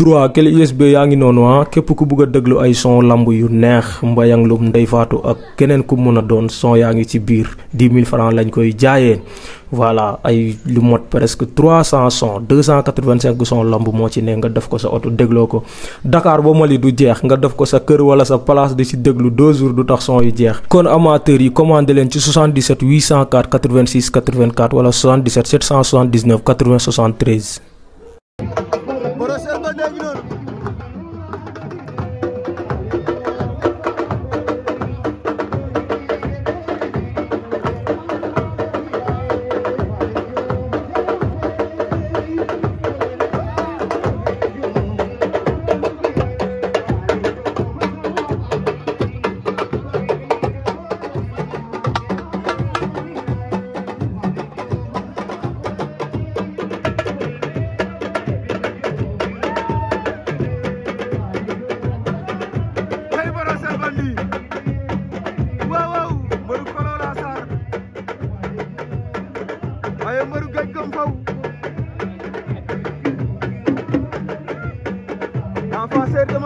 droit clé USB yaa ngi noonu ah képp ku bugg déglu ay son lamb yu neex mbayang lum ndey faatu ak keneen ku mën a doon son yaa ngi ci biir 10 000 francs lañ koy jaayee voilà ay lu mot presque 300 son 285 son moo ci ne nga def ko sa oto dégloo ko Dakar ba Mali du jeex nga def ko sa kër wala sa place di ci déglu 2 jours du tax son yu jeex kon amateurs yi commandé leen ci 77 804 86 84 wala 77 779 80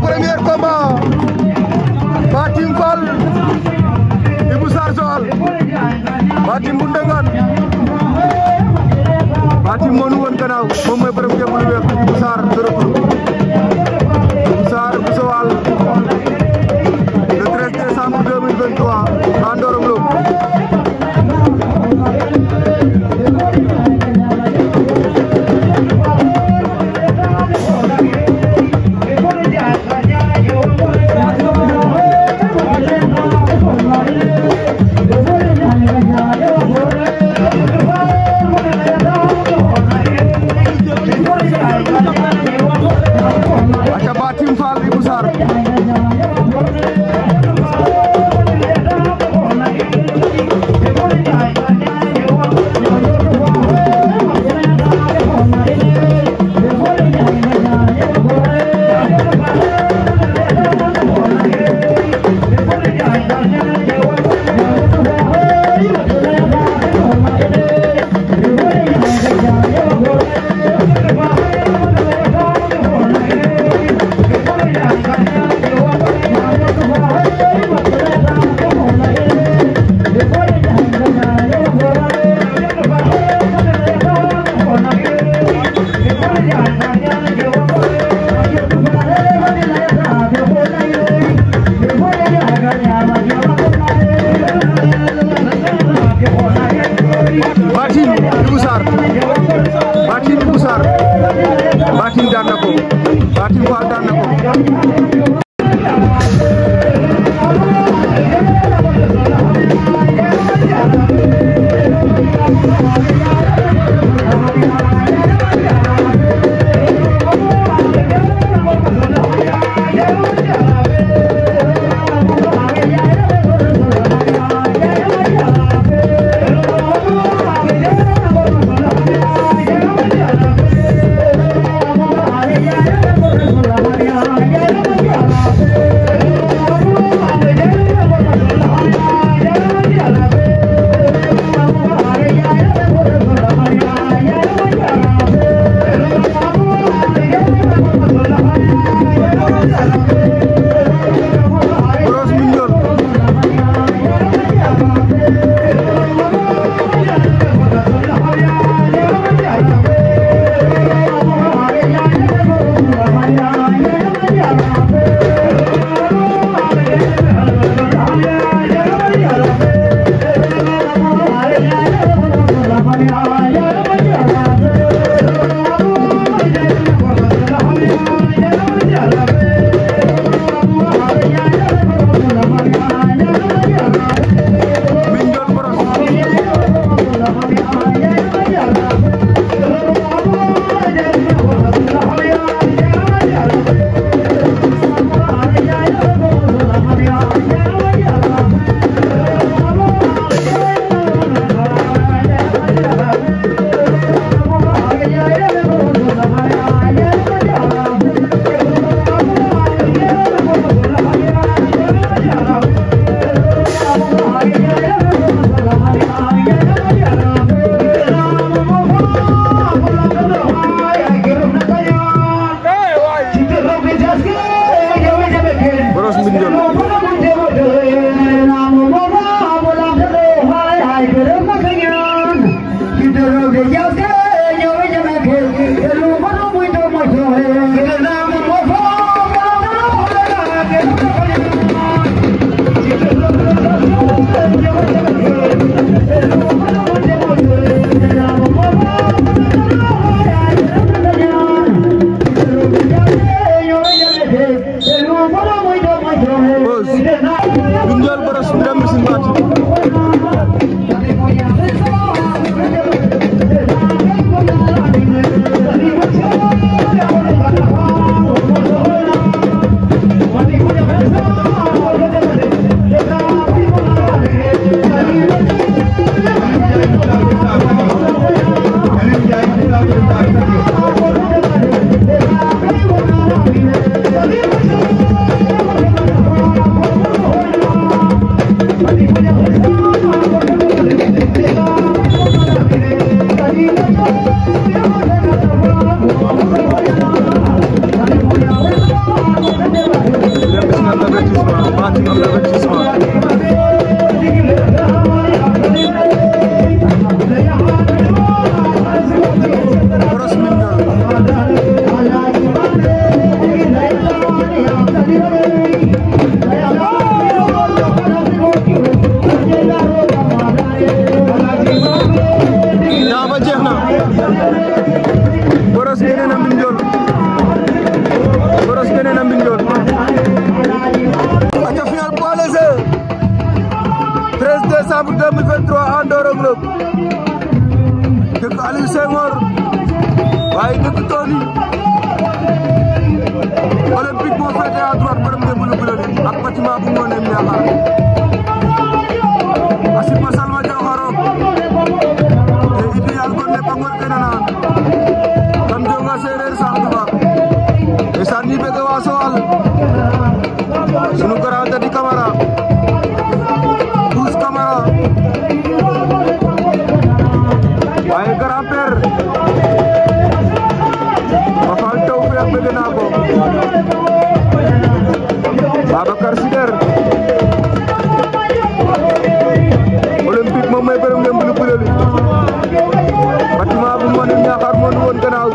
premier combat Fatim Fall Ibou Sarr Joal Fatim bu Ndangaan Fatim moo nu woon gannaaw moom mooy borom jëmm lu weex Ibou Sarr département bu Ngoneme Niakhar Niakhar moo ñu woon gannaaw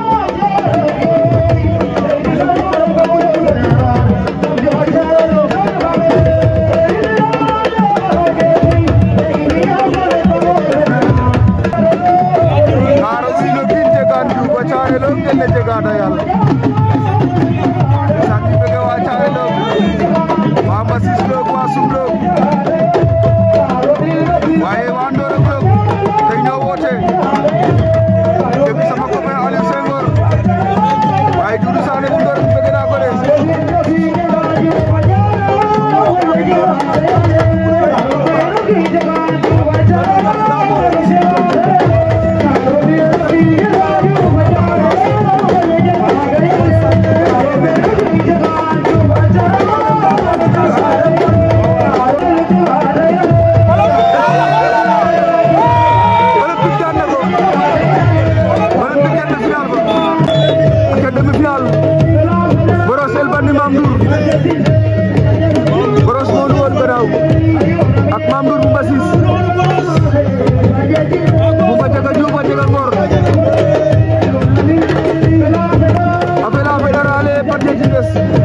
que é diversidade.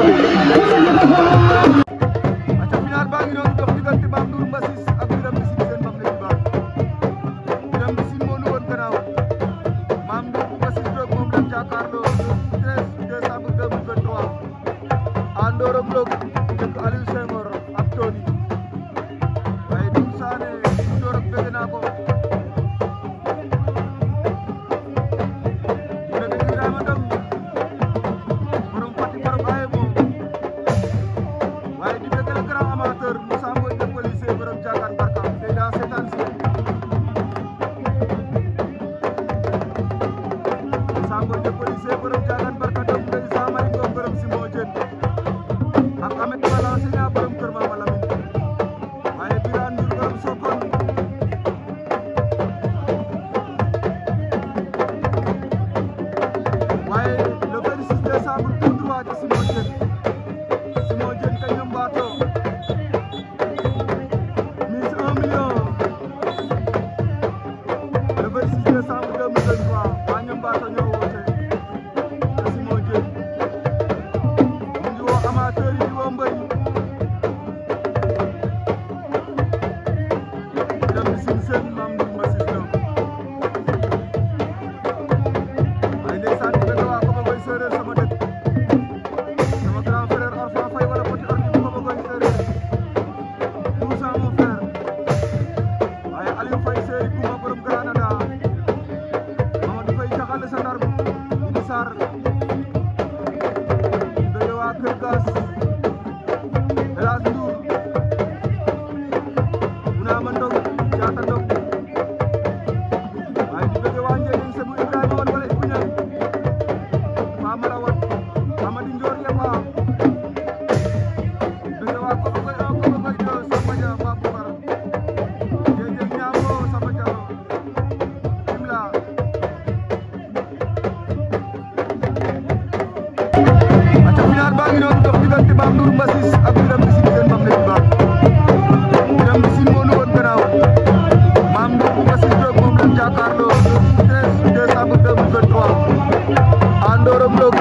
Gracias. Gracias. Andoro Bloc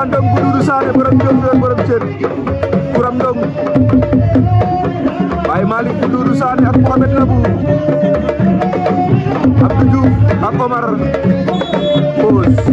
Coura Ndong bu Doudou Sané borom Ndiob borom Thiel Coura Ndong Baye Malick bu Doudou Sané ak Mohamed Nabou Abdou Diouf ak Omar Pose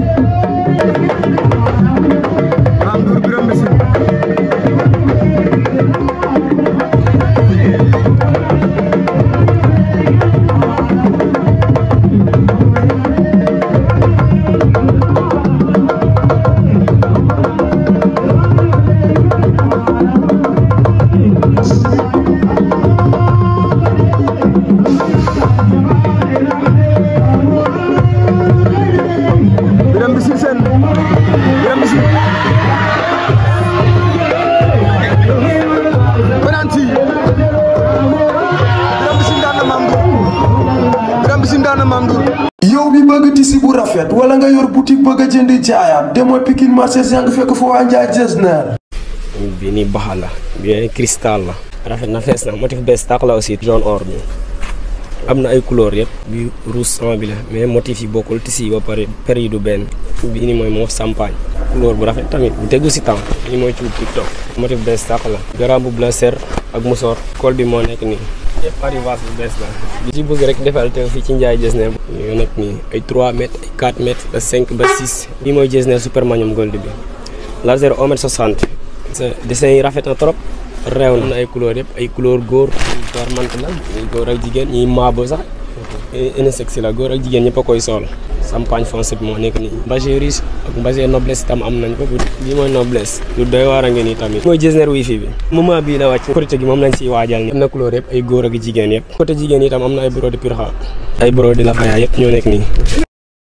bëgg a jëndi jaayaat demoo Pikine marché yaa ngi fekk fo wanja Ndiaye bi ni bahala bi ay cristal la. rafet na fess na motif bes tàq la aussi. jaune or bi amna ay couleur yëpp. bi rouge sang bi la mais motif yi bokul tisi ba pare période ben bi ni moy mo champagne. couleur bu rafet tamit bu tegu ci tam ni moy ci tiktok. motif bes tàq la. garambu blaser ak musor col bi mo nek ni arrivage bu bees la. li ci bëgg rek defal te fii ci Ndiaye Jesne. yoo nag nii ay 3 mètres ay 4 ba 5 ba 6. lii mooy Jesne super magnum gold bi. largeur 1 mètre 60. sa dessin yi rafet na trop. reew na ay couleur yëpp ay couleur góor. ñu door mant la ñuy góor ak jigéen ñuy maabo sax. unisexe la góor ak jigéen ñëpp a koy sol champagne foncé bi moo nekk nii mbagé riche ak mbagé noblesse tam am nañ ko lii mooy noblesse lu doy waar a ngi nii tamit mooy designer wifi bi moment bii la wàcc côté gi moom lañ siy waajal ni am na couleur yëpp ay góor ak jigéen yëpp côté jigéen yi am na ay brodi purxa ay brodi la faya yëpp ñoo nekk nii